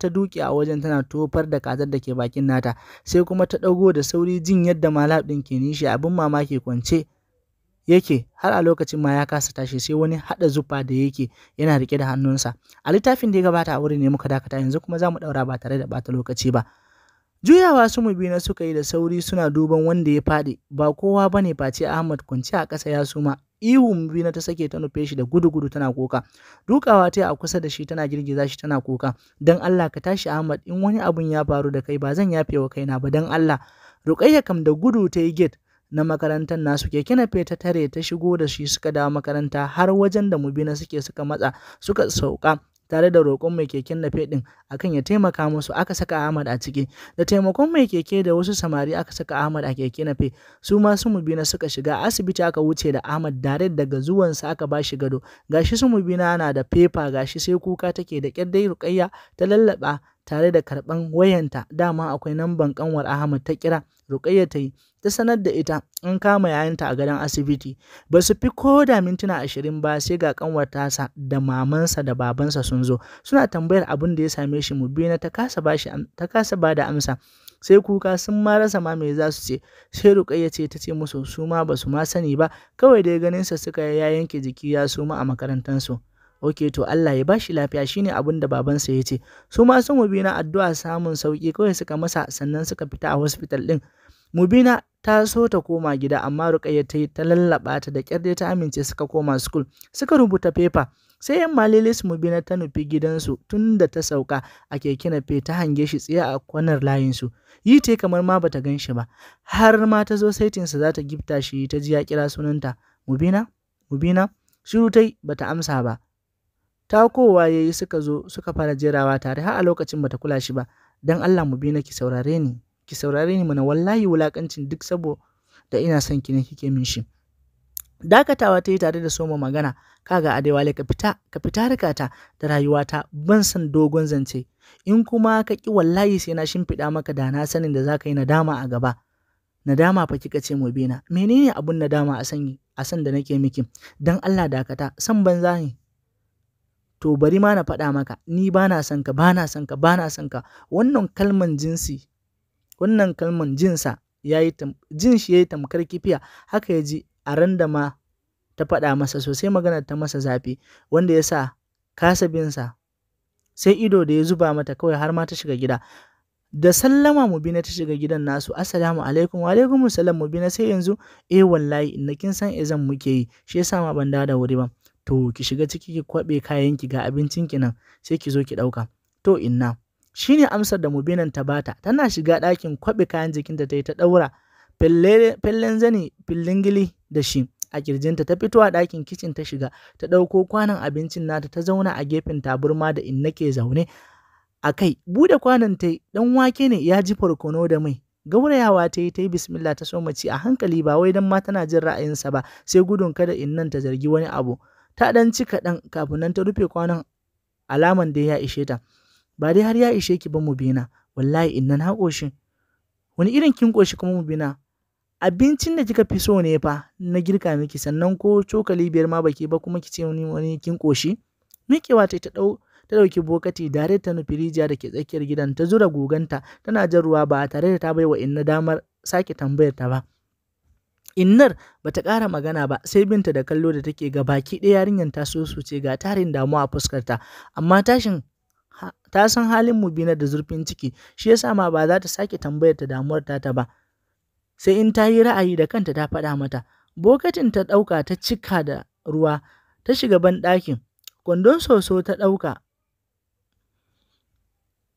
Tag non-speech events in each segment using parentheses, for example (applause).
ta duki a wajen tana tofar da kazar da ke bakin nata sai kuma ta ɗago da sauri jin yadda malab ɗin ke nishi abin mamaki kwance yake har a lokacin ma ya kasa tashi sai wani haɗa zufa da yake yana rike da hannunsa a littafin da ya gabata a wurin ne muka dakata yanzu kuma za mu ɗaura ba tare da bata lokaci ba juyawa su mu na suka yi da sauri suna duban wanda ya faɗi ba kowa bane face ahmad kwance a ƙasa ya suma ihu bina ta sake ta nufe shi da gudu-gudu tana kuka dukawa ta a kusa da shi tana girgiza shi tana kuka dan Allah ka tashi Ahmad in wani abun ya faru da kai ba zan yafe wa kaina ba dan Allah Ruqayya kam da gudu ta yi gate na makarantar nasu keke na ta tare ta shigo da shi suka dawo makaranta har wajen da mubina suke suka matsa suka sauka tare da roƙon mai keken nafe ɗin akan ya taimaka musu aka saka Ahmad a ciki da taimakon mai keke da wasu samari aka saka Ahmad a keke nafe su ma su mubina suka shiga asibiti aka wuce da Ahmad dare daga zuwan zuwansa aka ba shi gado gashi su mubina na da fefa gashi sai kuka take da kyaddai dai ta lallaba tare da karɓan wayanta dama akwai namban kanwar Ahmad ta kira Ruqayya ta yi ta sanar da ita an kama yayanta a gadon asibiti ba su fi ko da mintuna ashirin ba sai ga kanwatarsa da mamansa da babansa sun zo suna tambayar abin da ya same shi mubina ta kasa ta kasa ba da amsa sai kuka sun ma rasa ma me za su ce sai ruƙayya ce ta ce musu su ma ba su ma sani ba kawai dai ganinsa sa suka ya yanke jiki ya suma a makarantansu ok to Allah ya bashi lafiya shine abin da babansa ya ce su ma sun mubina addu'a samun sauki kawai suka masa sannan suka fita a hospital din Mubina ta so ta koma gida amma Rukayya ta yi ta lallaɓa ta da kyar dai ta amince suka koma school suka rubuta paper sai yan malilis Mubina ta nufi gidansu tunda ta sauka a keke nafe ta hange shi tsaye a kwanar layinsu yi ta kamar ma bata gan shi ba har ma ta zo saitinsa za ta gifta shi ta ji ya kira sunanta Mubina Mubina shiru tai bata amsa ba takowa yayi suka zo suka fara jerawa tare har a lokacin bata kula shi ba dan Allah Mubina ki saurare ni ki saurare ni mana wallahi wulakancin duk saboda ina son ki ne kike min shi dakatawa ta yi tare da soma magana kaga adewale ka fita ka fita rikata da rayuwata ban san dogon zance in kuma ka ki wallahi sai na shimfiɗa maka da na sanin da zaka yi nadama a gaba nadama fa kika ce na? menene abun nadama a san a san da nake miki dan Allah dakata san banza ne to bari ma na faɗa maka ni bana son ka bana son ka bana son ka wannan kalman jinsi Wannan kalman jinsa yi jin shi ya yi tamkar kifiya haka ya ji a randa ma ta faɗa masa sosai magana ta masa zafi wanda ya sa kasabinsa sai ido da ya zuba mata kawai har ma ta shiga gida da sallama mubina ta shiga gidan nasu assalamu alaikum wa alaikum salam mubina sai yanzu eh wallahi inna kin san izan muke yi shi yasa ma ban da wuri ba to ki shiga ciki ki kwaɓe kayan ki ga abincin ki nan sai ki zo ki ɗauka." to inna Shi ne amsar da Mubinan ta bata, tana shiga ɗakin kwaɓe kayan jikinta ta yi ta ɗaura fellen zani gili da shi a kirjinta ta fito a ɗakin kicin ta shiga ta ɗauko kwanon abincin nata ta zauna a gefen taburma da in nake zaune a kai bude kwanon ta yi, ɗan wake ne ya ji farkono da mai gaurayawa ta yi ta yi bismillah ta soma ci a hankali ba wai dan ma tana jin ra'ayinsa ba sai gudun kada in nan ta zargi wani abu ta ɗan ci kaɗan kafin nan ta rufe kwanon alaman da ya ishe ta ba dai har ya ishe ki ba mu bina wallahi in nan haƙoshi wani irin kin ƙoshi kuma mu bina abincin da kika fi so ne fa na girka miki sannan ko cokali biyar ma baki ba kuma ki ce wani wani kin ƙoshi Miki wata ta dau ta ɗauki bokati dare ta nufi rijiya da ke tsakiyar gidan ta zura goganta tana jan ruwa ba tare da ta bai wa inna damar sake tambayar ta ba Innar bata ƙara magana ba sai binta da kallo da take gabaki ɗaya yarinyar ta so ce ga tarin damuwa a fuskarta amma tashin ta san halin mu na da zurfin ciki, shi yasa ma ba za ta sake tambayar ta damuwar ta ta ba. Sai in ta yi ra'ayi da kanta ta faɗa mata. Bokatin ta ɗauka ta cika da ruwa, ta shiga banɗakin, kwandon soso ta ɗauka.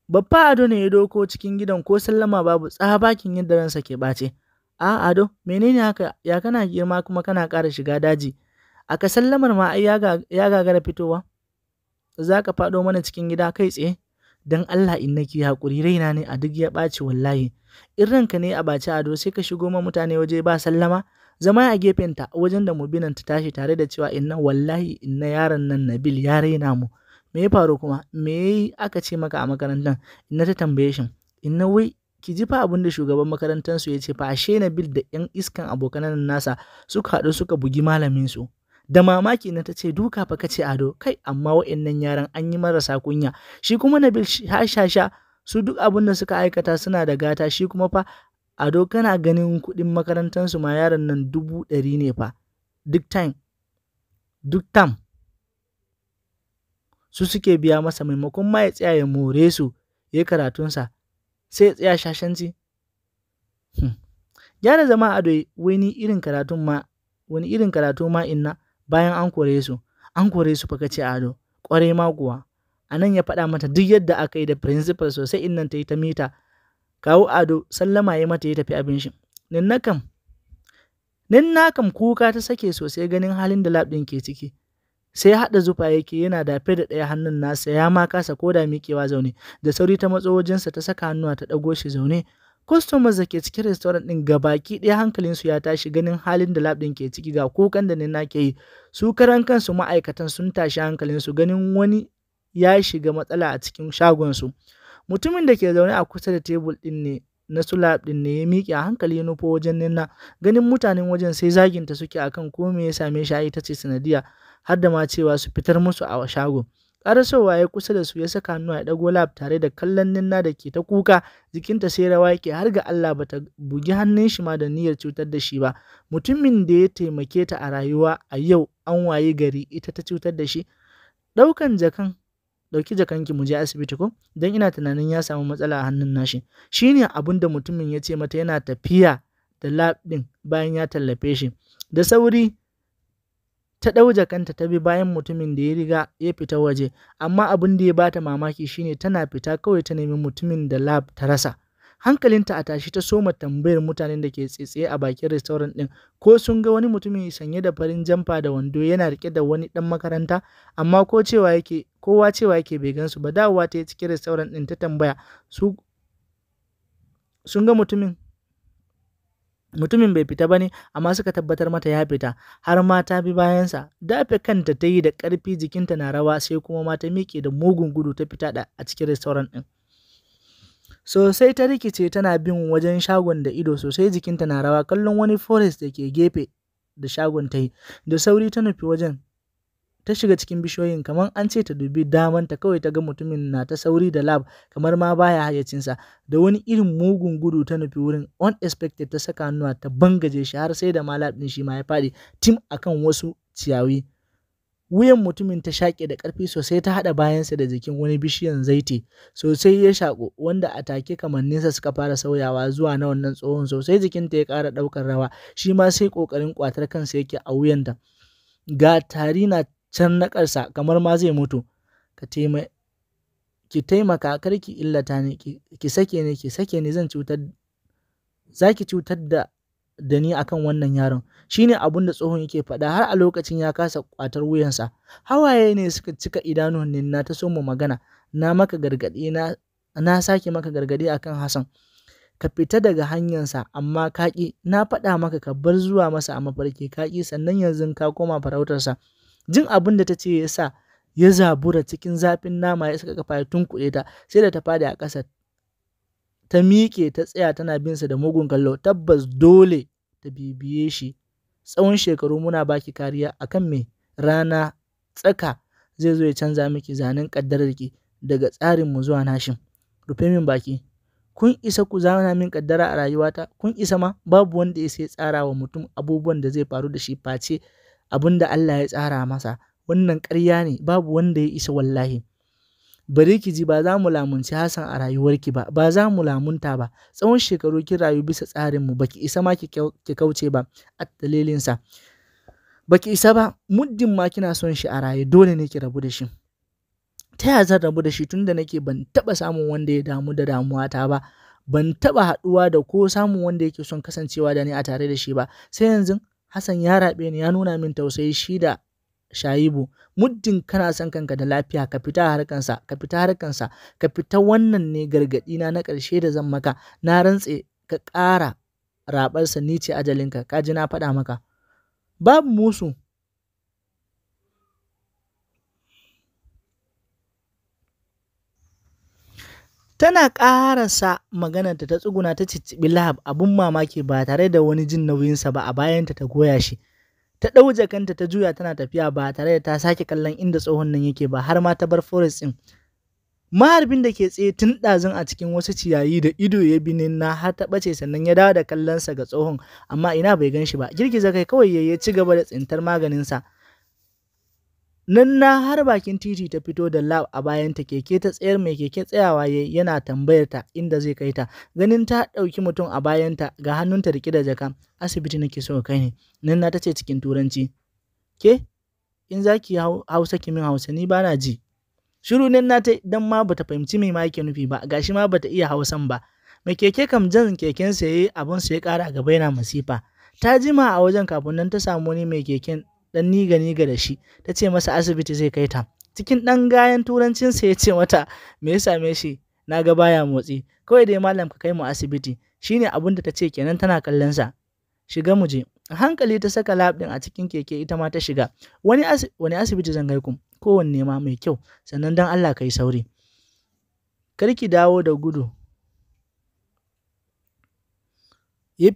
Baffa Ado ne ya doko cikin gidan ko sallama babu tsabakin yadda ransa ke ɓace. A Ado, menene haka ya kana girma kuma kana ƙara shiga daji? Aka sallamar ma ai ya gagara fitowa? za ka faɗo mana cikin gida kai tsaye don Allah in naki haƙuri raina ne a duk ya ɓaci wallahi in ranka ne a baci ado sai ka shigo ma mutane waje ba sallama zama a ta wajen da mubinan ta tashi tare da cewa inna wallahi inna yaron nan Nabil ya raina mu me ya faru kuma me aka ce maka a makarantar inna ta tambaye shi inna wai ki ji fa abin da shugaban makarantar su ya ce fa ashe Nabil da yan iskan abokanan nasa suka haɗu suka bugi malamin su da mamaki na ta ce duka fa kace ado kai amma wa'annan yaran an yi marasa kunya shi kuma Nabil hashasha su duk abin da suka aikata suna da gata shi kuma fa ado kana ganin kuɗin makarantansu ma yaran nan dubu ɗari ne fa duk time duk tam su suke biya masa maimakon ma ya tsaya ya more su ya yi karatunsa sai ya tsaya shashanci hmm. gyara zama ado wani irin karatun ma wani irin karatu ma inna bayan an kore su an kore su fa kace ado kwarai ma kuwa a ya faɗa mata duk yadda aka yi da principal sosai in nan ta yi ta mita kawo ado sallama ya mata ya tafi abin shi ninna kam kuka ta sake sosai ganin halin da lab ɗin ke ciki sai haɗa zufa yake yana dafe da ɗaya hannun nasa ya ma kasa koda mikewa zaune da sauri ta matso wajensa ta saka hannuwa ta ɗago shi zaune customers da ke cikin restaurant ga baki ɗaya hankalinsu ya tashi ganin halin da lab ɗin ke ciki ga kukan da na ke yi su karan kansu ma'aikatan sun tashi hankalinsu ganin wani ya shiga matsala a cikin shagonsu mutumin da ke zaune a kusa da tebul ɗin ne na lab ɗin ne ya miƙe a hankali ya nufo wajen ninna ganin mutanen wajen sai zaginta suke akan ko me ya same shi ita ce sanadiya har da ma cewa su fitar musu a shagon. Karasowa ya kusa da su ya saka hannu a ɗago lab tare da kallon Ninna da ke ta kuka jikinta sai rawa yake har ga Allah ba ta bugi hannun shi ma da niyyar cutar da shi ba. Mutumin da ya taimake ta a rayuwa a yau an waye gari ita ta cutar da shi. Ɗaukan jakan ɗauki jakanki mu je asibiti ko don ina tunanin ya samu matsala a hannun nashi shine abin da mutumin ya ce mata yana tafiya da lab ɗin bayan ya tallafe shi da sauri ta ɗau jakanta ta bi bayan mutumin da ya riga ya fita waje, amma abin da ya bata mamaki shine tana fita kawai ta nemi mutumin da lab ta rasa. Hankalinta a tashi ta soma tambayar mutanen da ke tsaitsaye a bakin restaurant din ko sun ga wani mutumin sanye da farin jamfa da wando yana rike da wani dan makaranta amma ko cewa yake kowa cewa yake bai gansu ba dawowa ta yi cikin restaurant ɗin ta tambaya su sun ga mutumin mutumin bai fita ba ne amma suka tabbatar mata ya fita har ma ta bi bayansa dafe kanta ta yi da ƙarfi jikinta na rawa sai kuma ma ta miƙe da mugun gudu ta fita da a cikin restaurant ɗin sosai ta rikice tana bin wajen shagon da ido sosai jikinta na rawa kallon wani forest da ke gefe da shagon ta yi da sauri ta nufi wajen ta shiga cikin bishiyoyin kamar an ce ta dubi damanta kawai ta ga mutumin na ta sauri da lab kamar ma baya hayyacinsa da wani irin mugun gudu ta nufi wurin unexpected ta saka hannuwa ta bangaje shi har sai da ma lab din shi ma ya faɗi tim akan wasu ciyawi wuyan mutumin ta shaƙe da ƙarfi sosai ta haɗa bayansa da jikin wani bishiyan zaiti sosai ya shaƙo wanda a take kamanninsa suka fara sauyawa zuwa na wannan tsohon sosai jikinta ya ƙara ɗaukar rawa shi ma sai ƙoƙarin ƙwatar kansa yake a wuyanta ga tari na can ƙarsa kamar ma zai mutu ki taimaka kar ki illata ni ki sake ni ki sake ni zan cutar za ki cutar da da ni akan wannan yaron shine abun da tsohon yake faɗa har a lokacin ya kasa kwatar wuyansa hawaye ne suka cika idanuwan na ta so mu magana na maka gargaɗi na na sake maka gargaɗi akan Hassan ka fita daga hanyarsa amma kaƙi na faɗa maka ka bar zuwa masa a mafarki kaki sannan yanzu ka koma farautarsa jin abin da ta ce ya sa ya zabura cikin zafin nama ya saka kafa ya tunkuɗe ta sai da ta fadi a ƙasa ta miƙe ta tsaya tana bin sa da mugun kallo tabbas dole ta bibiye shi tsawon shekaru muna baki kariya akan me rana tsaka zai zo ya canza miki zanen kaddarar ki daga tsarin mu zuwa nashin rufe min baki kun isa ku zana min kaddara a rayuwata kun isa ma babu wanda ya sai tsara wa mutum abubuwan da zai faru da shi face abin da Allah ya tsara masa wannan ƙarya ne babu wanda ya isa wallahi bari ki ji ba za mu lamunci Hassan a rayuwarki ba ba za mu lamunta ba tsawon shekaru kin rayu bisa tsarinmu baki isa ma ki kauce ba a dalilinsa baki isa ba muddin ma kina son shi a rayu dole ne ki rabu da shi ta ya zan rabu da shi tunda nake ban taba samun wanda ya damu da damuwata ba ban taba haɗuwa da ko samun wanda yake son kasancewa da ni a tare da shi ba sai yanzu Hassan ya raɓe ni ya nuna min tausayi shi da Shayibu muddin kana son kanka da lafiya ka fita harkansa ka fita harkansa ka fita wannan ne gargaɗi na na ƙarshe da zan maka na rantse ka ƙara raɓarsa ni ce ajalinka ka ji na faɗa maka babu musu Tana ƙarasa maganarta ta tsuguna ta cicciɓi Lahab abin mamaki ba tare da wani jin nauyinsa ba a bayanta ta goya shi. Ta ɗau jakanta ta juya tana tafiya ba tare da ta sake kallon inda tsohon nan yake ba har ma ta bar forest ɗin. Maharbin da ke tsaye tun ɗazun a cikin wasu ciyayi da ido ya bi na har ta ɓace sannan ya dawo da kallonsa ga tsohon amma ina bai gan shi ba girgiza kai kawai ya ci gaba da tsintar maganinsa. Nanna har bakin titi ta fito da lab a bayanta keke ta tsayar mai keke tsayawa yana tambayar ta inda zai kai ta. Ganin ta ɗauki mutum a bayanta ga hannunta riƙe da jaka. Asibiti nake so kai ne. Nanna ta ce cikin turanci. Ke? In za ki hausa ki min hausa ni ba na ji. Shiru Nanna ta dan ma bata fahimci me ma yake nufi ba gashi ma bata iya hausan ba. Mai keke kam jan kekensa ya yayi abun sai ya kara gaba yana masifa. Ta jima a wajen kafin nan ta samu wani mai keken ɗan niga ga da shi ta ce masa asibiti zai kai ta cikin ɗan gayan turancinsa ya ce mata me ya same shi na ga baya motsi kawai dai malam ka kai mu asibiti shine abin da ta ce kenan tana kallon sa shiga mu je a hankali ta saka lab din a cikin keke ita ma ta shiga wani wani asibiti zan kai ku kowanne ma mai kyau sannan dan Allah kai sauri karki dawo da gudu eh,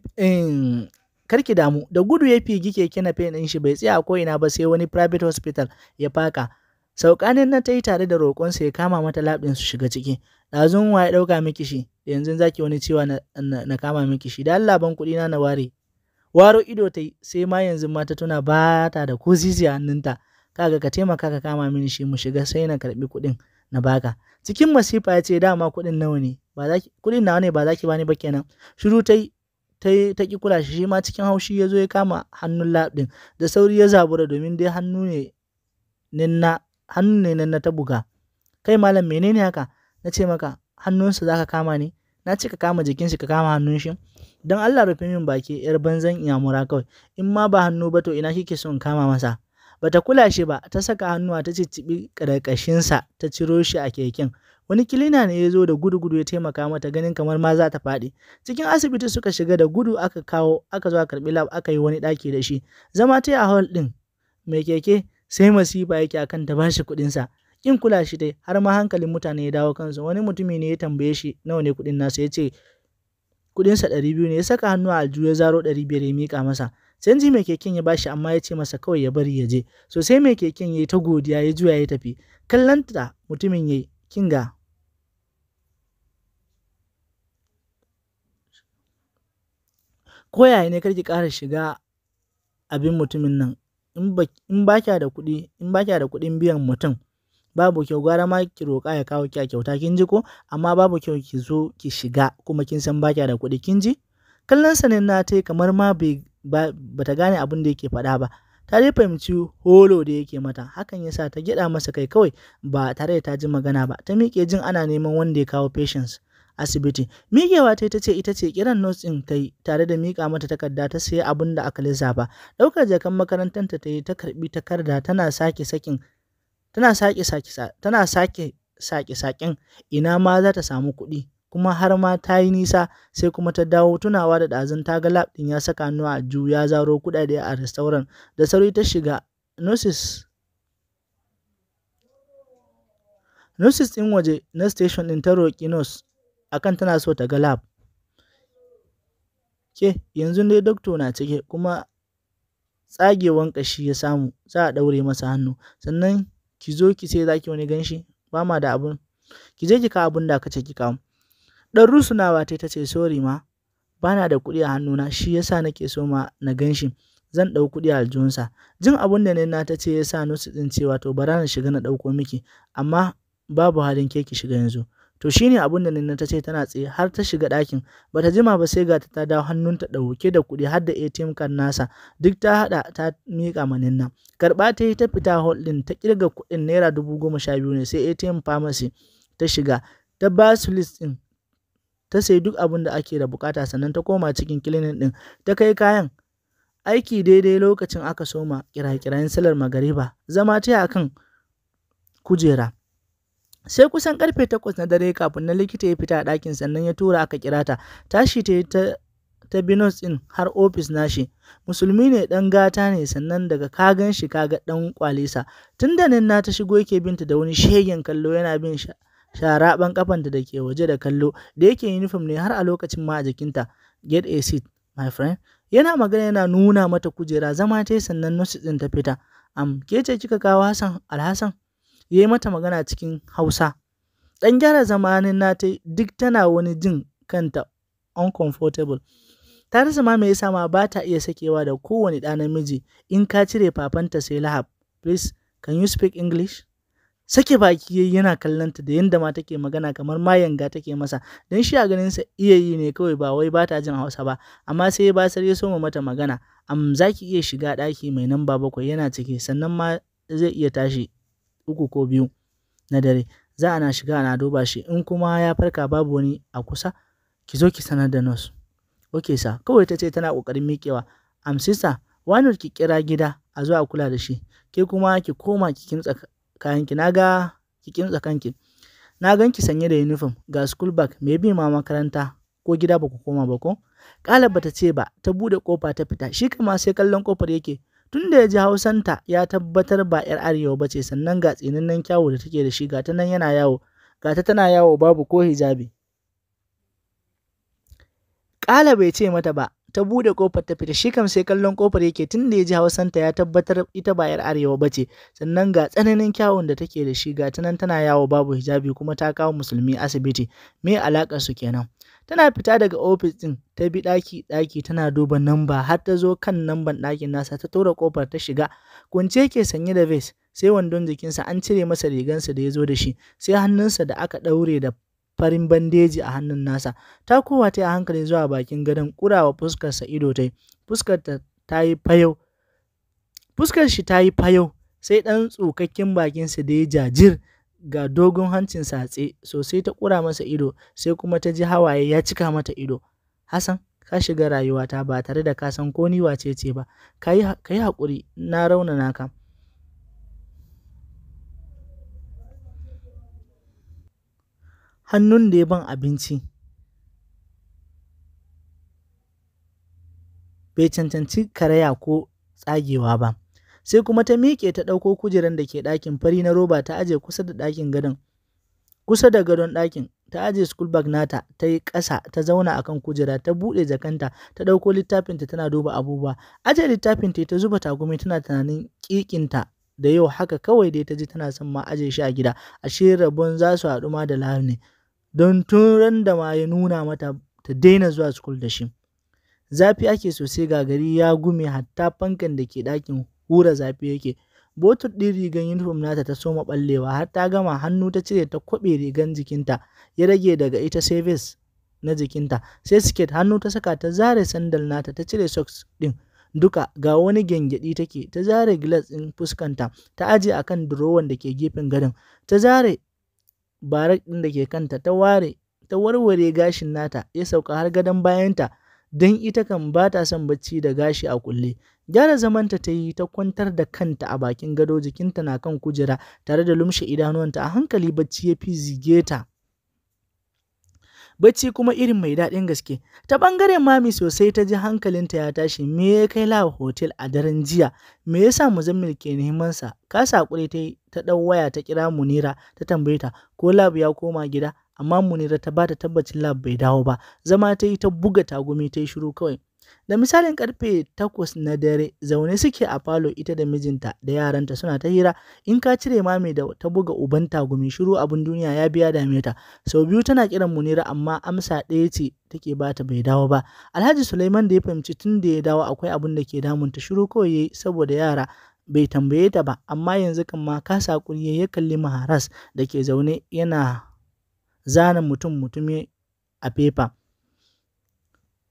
kar ki damu da gudu ya figi keke na ɗin shi bai tsaya ko ina ba sai wani private hospital ya faka saukanin na ta yi tare da sa ya kama mata labin su shiga ciki ɗazun wa ya ɗauka miki shi yanzu zaki wani cewa na, kama miki shi da Allah ban kuɗi na na ware waro ido ta yi sai ma yanzu ma ta tuna ba ta da ko zizi a hannunta kaga ka taimaka ka kama mini shi mu shiga sai na karɓi kuɗin na baka cikin masifa ya ce dama kuɗin nawa ne ba za ki kuɗin nawa ne ba za ki bani ba kenan shiru ta yi ta ƙi kula shi shi ma cikin haushi ya zo ya kama hannun labdin da sauri ya zabura domin dai hannu ne na hannu ne na ta buga kai malam menene haka na ce maka hannunsa za kama ne na ce ka kama jikin ka kama hannun shi don Allah rufe min baki yar banzan iyamura kawai in ma ba hannu ba to ina kike son kama masa bata kula shi ba ta saka hannuwa ta ciccibi sa ta ciro shi a keken wani kilina ne ya zo da gudu gudu ya taimaka mata ganin kamar ma za ta faɗi cikin asibiti suka shiga da gudu aka kawo aka zo a karɓi lab aka yi wani ɗaki da shi zama ta a hall ɗin mai keke sai masifa yake akan ta bashi kuɗinsa Kin kula shi dai har ma hankalin mutane ya dawo kansu wani mutumi ne ya tambaye shi nawa ne kuɗin nasa ya ce kuɗinsa ɗari biyu ne ya saka hannu a aljihu ya zaro ɗari biyar ya miƙa masa Sai canji mai keken ya bashi amma ya ce masa kawai ya bari ya je so sai mai keken ya yi ta godiya ya juya ya tafi kallanta mutumin ya kinga ko yaya ne karki ƙara shiga abin mutumin nan in ba kya da kuɗi in ba kya da kuɗin biyan mutum babu kyau gara ma ki roƙa ya kawo ki kyauta kin ji ko amma babu kyau ki zo ki shiga kuma kin san ba kya da kuɗi kin ji kallon sa ne na ta kamar ma bai ta gane abin da yake faɗa ba ta dai fahimci holo da yake mata hakan yasa ta gyaɗa masa kai kawai ba tare da ta ji magana ba ta miƙe jin ana neman wanda ya kawo patience asibiti. Migewa ta ta ce ita ce kiran nos ɗin ta yi tare da miƙa mata takarda ta sayi abin da aka lissafa. Ɗaukar jakan makarantar ta yi ta karɓi takarda tana sake sakin tana sake sake tana sake sake sakin ina ma za ta samu kuɗi kuma har ma ta yi nisa sai kuma ta dawo tunawa da ɗazun ta ga lab ɗin ya saka nuwa a ju ya zaro kuɗaɗe a restaurant da sauri ta shiga nurses nurses ɗin waje na station ɗin ta roƙi nurse akan tana so ta ga lab. Ke, yanzu dai dokto na cike kuma tsagewan ƙashi ya samu, za a daure masa hannu. Sannan ki zo ki sai za ki wani ganshi, ba ma da abun. Ki je ki ka abun da aka ce ki kawo. Ɗan rusunawa ta ce sorry ma, Bana da kuɗi a hannuna, shi yasa nake so ma na ganshi. Zan ɗau kuɗi a aljihunsa. Jin abun da na ta ce ya sa nusu ɗin cewa to bara na shiga na ɗauko miki, amma babu halin ke ki shiga yanzu. To shi ne abin da Nina ta ce tana tsaye har ta shiga ɗakin. Ba ta jima ba sai ga ta dawo hannunta ɗauke da kuɗi har da ATM kan nasa. Duk ta haɗa ta miƙa ma Nina. Karɓa ta yi ta fita hall ɗin ta kirga kuɗin naira dubu goma sha biyu ne sai ATM pharmacy ta shiga. Ta ba su list ɗin. Ta sayi duk abin da ake da bukata sannan ta koma cikin kilinin ɗin. Ta kai kayan aiki daidai lokacin aka soma kira kirayin salar magariba. Zama ta akan kujera. sai kusan karfe takwas na dare kafin na likita ya fita a ɗakin sannan ya tura aka kira ta tashi ta ta ta binos ɗin har ofis nashi musulmi ne ɗan gata ne sannan daga ka gan shi ka ga ɗan kwalisa tun da nan na ta shigo yake binta da wani shegen kallo yana bin sha ban kafanta da ke waje da kallo da yake uniform ne har a lokacin ma a jikinta get a seat my friend yana magana yana nuna mata kujera zama ta sannan nurse ɗin ta fita am ke ce kika kawo Hassan Alhassan ya yi mata magana cikin Hausa. Ɗan gyara zamanin na nata duk tana wani jin kanta uncomfortable. Ta rasa ma me yasa ba ta iya sakewa da kowane ɗa namiji in ka cire fafanta sai lahab. Please, can you speak English? Sake baki yana kallonta da yadda ma take magana kamar ma yanga take masa don shi a ganinsa iya yi ne kawai ba wai ba ta jin Hausa ba amma sai ya basar ya soma mata magana am za ki iya shiga ɗaki mai nan namba bakwai yana ciki sannan ma zai iya tashi uku ko biyu na dare za a na shiga ana duba shi in kuma ya farka babu wani a kusa ki zo ki sanar da nurse okay sa kawai ta ce tana kokarin miƙewa amsisa wani ki kira gida a zo a kula da shi ke kuma ki koma ki kimtsa kayanki naga ki kimtsa kanki na gan ki sanye da uniform ga school bag me bi ma makaranta ko gida ba ku koma ba ko kalab bata ce ba ta bude kofa ta fita shi kama sai kallon kofar yake Tun da ya ji Hausanta ya tabbatar ba 'yar Arewa ba ce sannan ga tsinannen kyawu da take da shi ga ta yana yawo, ga ta tana yawo babu ko hijabi. Ƙala bai ce mata ba, ta buɗe ƙofar ta fita shi kam sai kallon ƙofar yake tun da ya ji Hausanta ya tabbatar ita ba 'yar Arewa ba ce sannan ga tsananin kyawun da take da shi ga ta nan tana yawo babu hijabi kuma ta kawo musulmi asibiti, me alaƙar su kenan. Tana fita daga ofis ɗin ta bi ɗaki-ɗaki tana duba namba har ta zo kan namban ɗakin nasa ta tura kofar ta shiga. Kunce ke sanye da vest sai wandon jikinsa an cire masa rigansa da ya zo da shi sai hannunsa da aka ɗaure da farin bandeji a hannun nasa. Ta kowa ta a hankali zuwa bakin gadon kurawa fuskarsa ido ta yi. Fuskar ta yi fayau. Fuskar shi ta yi fayau sai ɗan tsukakken bakinsa da ya jajir ga dogon hancin satse, sosai ta ƙura masa ido sai kuma ta ji hawaye ya cika mata ido hassan ka shiga rayuwata ba tare da ka san ko ni wace ce ba ka yi haƙuri na raunana ka hannun da ya ban abinci bai cancanci karaya ko tsagewa ba sai kuma ta miƙe ta ɗauko kujeran da ke ɗakin fari na roba ta aje kusa da ɗakin gadon kusa da gadon ɗakin ta aje school bag nata ta yi ƙasa ta zauna akan kujera ta buɗe jakanta ta ɗauko littafinta tana duba abubuwa aje littafinta ta zuba takumi tana tunanin ƙiƙinta da yau haka kawai dai ta ji tana son ma aje shi a gida ashe rabon za su haɗu ma da lahani don tun ran da ma ya nuna mata ta daina zuwa school da shi zafi ake sosai ga gari ya gume hatta fankan da ke ɗakin hura zafi yake. Botur ɗin rigan yunifom nata ta soma ɓallewa har ta gama hannu ta cire ta kwaɓe rigan jikinta ya rage daga ita sai na jikinta sai siket hannu ta saka ta zare sandal nata ta cire socks ɗin duka ga wani gyangyaɗi take ta zare gilas ɗin fuskanta ta aje akan durowan da ke gefen gadon ta zare barak ɗin da ke kanta ta ware ta warware gashin nata ya sauka har gadon bayanta don ita kan ba ta son bacci da gashi a kulle Gyara zamanta ta yi ta kwantar da kanta a bakin gado jikinta na kan kujera tare da lumshe idanuwanta a hankali bacci ya fi zige ta. Bacci kuma irin mai daɗin gaske. Ta ɓangaren mami sosai ta ji hankalinta ya tashi me ya kai lawa hotel a daren jiya me yasa muzammil ke neman sa kasa hakuri ta ta ɗau waya ta kira munira ta tambaye ta ko lab ya koma gida amma munira ta bata tabbacin lab bai dawo ba zama ta yi ta buga tagumi ta yi shiru kawai Da misalin karfe takwas na dare zaune suke a falo ita da mijinta da yaranta suna ta hira in ka cire mami da ta buga uban tagumi shiru abin duniya ya biya dame ta sau biyu tana kiran munira amma amsa ɗaya ce take bata bai dawo ba Alhaji Suleiman da ya fahimci tun da ya dawo akwai abin da ke ta shiru kawai yayi saboda yara bai tambaye ta ba amma yanzu kan ma kasa kuri ya kalli maharas da ke zaune yana zana mutum mutumi a fefa.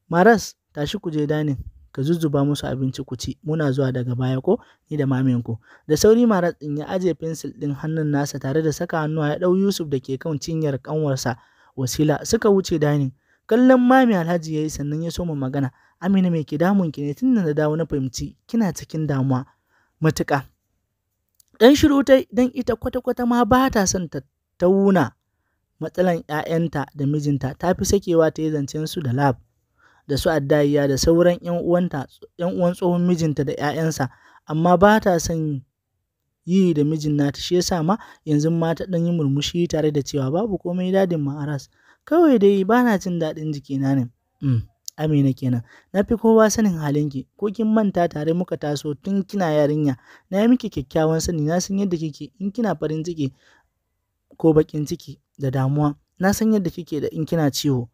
Maras tashi ku je danin ka zuzzuba musu abinci ku ci muna zuwa daga baya ko ni da mamin ku da sauri maratsin, ya aje fensil din hannun nasa tare da saka hannuwa ya dau Yusuf da ke kan cinyar kanwarsa wasila suka wuce danin kallon mami alhaji ya yi sannan ya soma magana amina me ke damun ki ne tun da dawo na fahimci kina cikin damuwa matuƙa dan shiru ta dan ita kwata kwata ma ba ta son ta tauna matsalan 'ya'yanta da mijinta ta fi sakewa ta yi zancen su da lab da su dayiya, da sauran 'yan uwan tsohon mijinta da 'ya'yansa, amma ba ta son yi da mijin nata shi yasa ma yanzu ma ta ɗan yi murmushi tare da cewa babu komai dadin ma'aras kawai dai ba na jin daɗin jikina ne mm, amina kenan na fi kowa sanin halinki ko kin manta tare muka taso tun kina yarinya na yi miki kyakkyawan sani na san yadda kike in kina farin ciki ko bakin ciki da damuwa na san yadda kike da in kina ciwo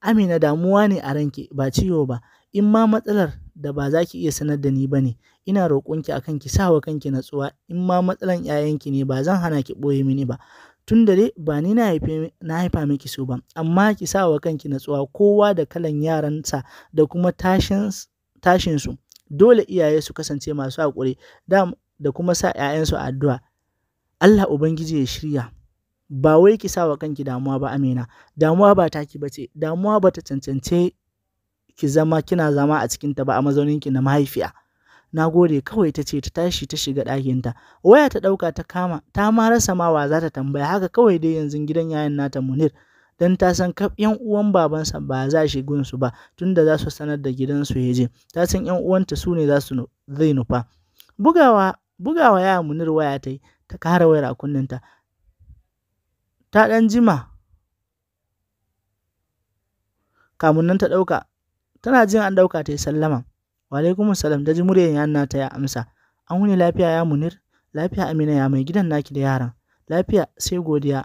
Amina damuwa ne a ranki ba ciwo ba, in ma matsalar da ba za ki iya sanar da ni ba ne, ina roƙonki akan ki sa wa kanki natsuwa in ma matsalan 'ya'yanki ne ba zan hana ki ɓoye mini ba. Tun da dai ba ni na haifa miki su ba, amma ki sa wa kanki natsuwa kowa da kalan yaransa da kuma tashinsu. Dole iyaye su kasance masu haƙuri da kuma sa 'ya'yansu addu'a. Allah Ubangiji ya shirya. ba wai ki sa wa kanki damuwa ba amina damuwa ba taki ba ce damuwa ba ta cancance ki zama kina zama a cikinta ba a mazaunin ki na mahaifiya Nagode kawai ta ce ta tashi ta shiga ɗakinta waya ta ɗauka ta kama ta ma rasa ma wa za ta tambaya haka kawai dai yanzu gidan yayan nata munir dan ta san kaf yan uwan babansa ba za shi su ba tunda za su sanar da gidansu ya je ta san yan uwanta su ne za su zai nufa bugawa bugawa ya munir waya ta yi ta kara wayar a kunninta ta ɗan jima kamun nan ta ɗauka tana jin an ɗauka ta yi sallama walaikumus salam ta ji muryar yan nata ya amsa an wuni lafiya ya munir lafiya amina ya mai gidan naki da yaran lafiya sai godiya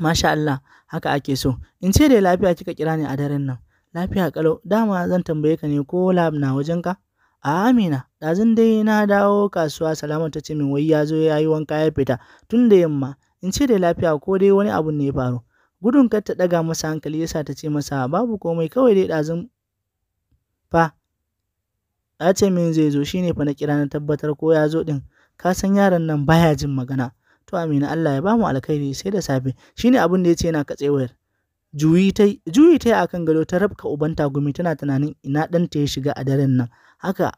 masha Allah haka ake so in ce dai lafiya kika kira ni a daren nan lafiya kalau dama zan tambaye ka ne ko lab na wajen ka a amina ɗazun dai na dawo kasuwa salama ta ce min wai ya zo ya yi wanka ya fita tun da yamma in ce da lafiya ko dai wani abun ne ya faru gudun kar ta ɗaga masa hankali yasa ta ce masa babu komai kawai dai ɗazun fa ya ce min zai zo shine fa na kira na tabbatar ko ya zo din. ka san yaron nan baya jin magana to amina Allah ya bamu alkhairi sai da safe shine abin da ya ce yana katsewayar juyi ta juyi tai akan gado ta rabka uban gumi tana tunanin ina ɗanta ya shiga a daren nan haka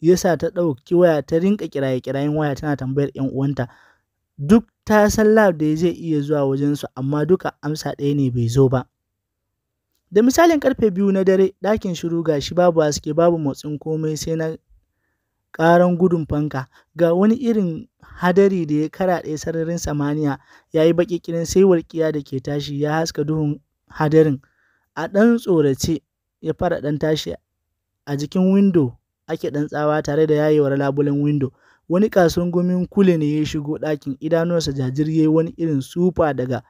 yasa ta ɗauki waya ta rinka kiraye kirayen waya tana tambayar 'yan uwanta Duk ta san da zai iya zuwa wajensu amma duka amsa ɗaya ne bai zo ba. Da misalin karfe biyu na dare ɗakin shiru ga shi babu haske babu motsin komai sai na ƙaran gudun fanka ga wani irin hadari da ya karaɗe sararin samaniya ya yi baƙi kirin sai walƙiya da ke tashi ya haska duhun hadarin a ɗan tsorace ya fara ɗan tashi a jikin windo ake ɗan tsawa tare da yayewar labulen windo Wani kasungumin Kule ne ya shigo ɗakin, idanuwarsa jajir ya wani irin sufa daga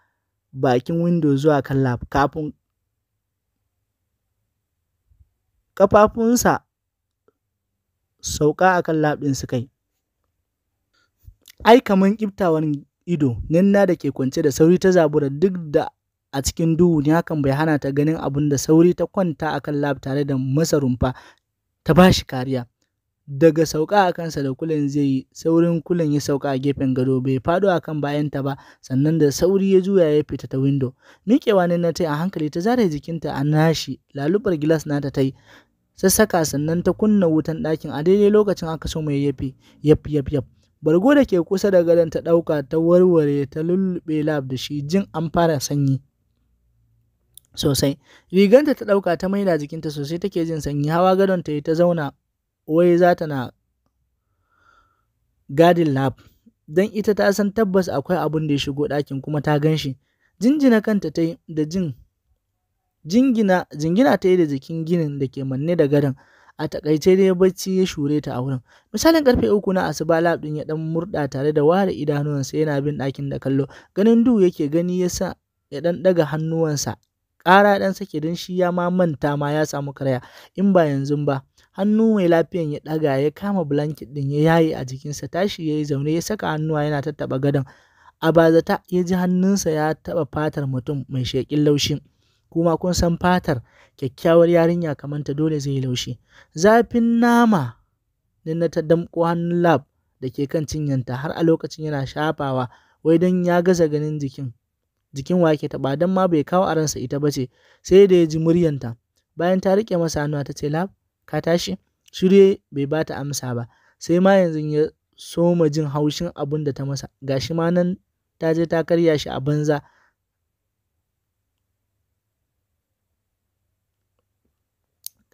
bakin windo zuwa kan kafin kafafunsa sauka a kan su kai. Ai, kamar kiftawar ido, Nanna da ke kwance da sauri ta zabura duk da a cikin duhu ne hakan bai hana ta ganin abin da sauri ta kwanta a kan lab tare da masa rumfa ta bashi kariya. daga sauka a kansa da kulen zai yi saurin kulen ya sauka a gefen gado bai fado a kan bayanta ba sannan da sauri ya juya ya fita ta windo miƙewa ne na tai a hankali ta zare jikinta a nashi lalubar gilas nata ta yi sassaka sannan ta kunna wutan ɗakin a daidai lokacin aka so mai yafi yaf yaf yaf bargo da ke kusa da gadon ta ɗauka ta warware ta lullube lab da shi jin an fara sanyi sosai riganta ta ɗauka ta maida jikinta sosai take jin sanyi hawa gadon ta yi ta zauna wai za ta na gadin lab don ita ta san tabbas akwai abin da ya shigo ɗakin kuma ta gan shi jinjina kanta ta yi da jin jingina jingina ta yi da jikin ginin da ke manne da gadon a takaice dai bacci ya shure ta a wurin misalin karfe uku na asuba lab din ya dan murda tare da ware idanuwansa yana bin ɗakin da kallo ganin duhu yake gani ya sa ya dan daga hannuwansa ƙara dan sake don shi ya ma manta ma ya samu karaya in ba yanzu ba Hannu mai lafiyan ya ɗaga ya kama blanket ɗin ya yaye a jikinsa tashi ya yi zaune ya saka hannuwa yana tattaɓa gadon. A bazata ya ji hannunsa ya taɓa fatar mutum mai sheƙin laushi. Kuma kun san fatar kyakkyawar yarinya kamar ta dole zai laushi. Zafin nama ne na ta damƙo hannun lab da ke kan cinyanta har a lokacin yana shafawa wai don ya gaza ganin jikin jikin wake taɓa don ma bai kawo a ransa ita bace? sai da ya ji muryanta bayan ta riƙe masa hannuwa ta ce lab ka tashi shirye bai ba ta amsa ba sai ma yanzu ya soma jin haushin abin da ta masa gashi ma nan ta je ta karya shi a banza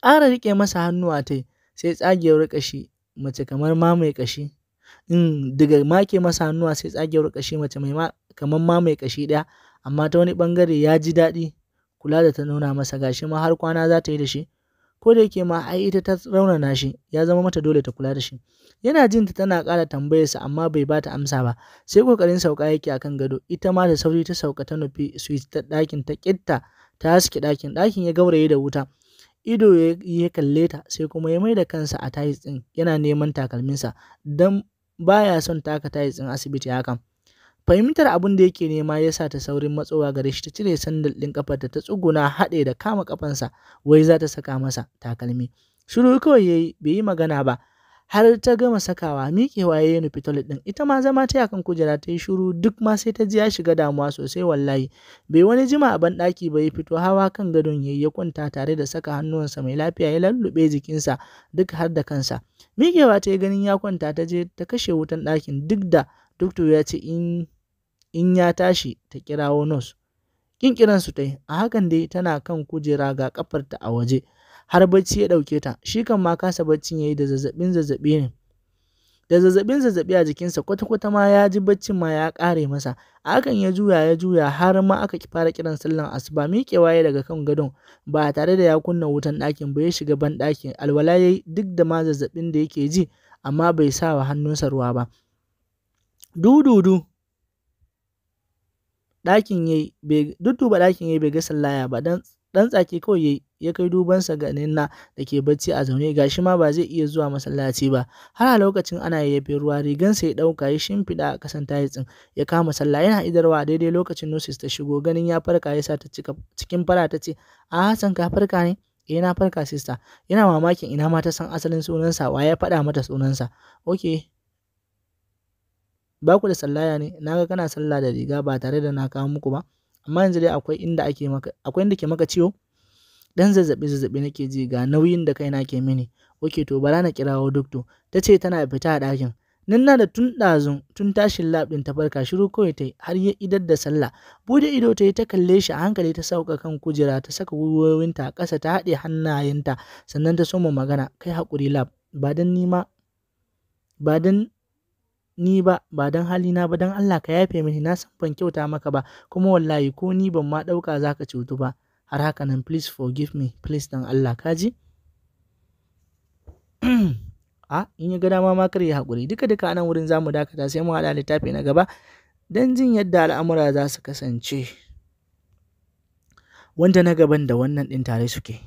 ƙara riƙe masa hannuwa ta sai tsagewar ƙashi mace kamar ma mai ƙashi in mm, daga make masa hannuwa sai tsagewar ƙashi mace mai kamar ma mai ƙashi ɗaya amma ta wani ɓangare ya ji daɗi kula da ta nuna masa gashi ma har kwana za ta yi da shi ko da yake ma ai ita ta raunana shi ya zama mata dole ta kula da shi yana jin ta tana ƙara tambayarsa amma bai ba ta amsa ba sai kokarin sauka yake akan gado ita ma da sauri ta sauka ta nufi switch ta ɗakin ta ƙitta ta haske ɗakin ɗakin ya gauraye da wuta ido ya kalle ta sai kuma ya mai da kansa a tayis ɗin yana neman takalminsa don baya son taka tayis ɗin asibiti hakan Fahimtar abin da yake nema ya sa ta saurin matsowa gare shi ta cire sandal ɗin ƙafarta ta tsuguna haɗe da kama ƙafansa wai za ta saka masa takalmi. Shiru kawai ya yi bai yi magana ba har ta gama sakawa miƙewa ya yi nufi toilet ɗin ita ma zama ta yakan kujera ta yi shiru duk ma sai ta ji ya shiga damuwa sosai wallahi bai wani jima a banɗaki ba ya fito hawa kan gadon ya ya kwanta tare da saka hannuwansa mai lafiya ya lallube jikinsa duk har da kansa. Miƙewa ta yi ganin ya kwanta ta je ta kashe wutan ɗakin duk da Doctor ya ce in ya tashi ta kirawo nos. Kin kiransu ta yi, a hakan dai tana kan kujera ga ƙafarta a waje, har bacci ya ɗauke ta, shi kan ma kasa baccin ya yi da zazzaɓin zazzaɓi ne. Da zazzaɓin zazzaɓi a jikinsa kwata-kwata ma ya ji baccin ma ya ƙare masa, a hakan ya juya ya juya har ma aka fara kiran sallan asuba miƙewa ya daga kan gadon ba tare da ya kunna wutan ɗakin ba ya shiga ban ɗakin alwala ya yi duk da ma zazzaɓin da yake ji amma bai sa wa hannunsa ruwa ba. Dududu ɗakin ya yi, dudduba ɗakin ya yi bai ga sallaya ba, ɗan tsaki kawai ya ya kai dubansa ga Nina da ke bacci a zaune ga shi ma ba zai iya zuwa masallaci ba. Har a lokacin ana yayyafe ruwa rigansa ya ɗauka ya shimfiɗa a ƙasan tayitsin ya kama sallah yana idarwa a daidai lokacin nosis ta shigo ganin ya farka ya sa ta cikin fara ta ce a hasan ka farka ne? Eh na farka sista yana mamakin ina ma ta san asalin sunansa wa ya faɗa mata sunansa. Okay ba ku da sallaya ne na ga kana sallah da riga ba tare da na kawo muku ba amma yanzu dai akwai inda ake maka akwai inda ke maka ciwo dan zazzabi zazzabi nake ji ga nauyin da kaina ke mini oke to bara na kirawo dokto ta ce tana fita a ɗakin nan na da tun ɗazun tun tashin labin ta farka shiru kawai ta har ya idar da sallah bude ido ta yi ta kalle shi a hankali ta sauka kan kujera ta saka wuyoyinta a ƙasa ta haɗe hannayenta sannan ta soma magana kai haƙuri lab ba dan nima ba dan ni ba ba don halina ba don Allah ka yafe mini na san ban kyauta maka ba kuma wallahi ko ni ban ma ɗauka za ka cutu ba har haka nan please forgive me please don Allah ka ji (clears throat) a in ya ga dama ma kar ya hakuri, duka duka anan wurin zamu dakata sai mu haɗa littafi na gaba don jin yadda al'amura za su kasance wanda na gaban da wannan ɗin tare suke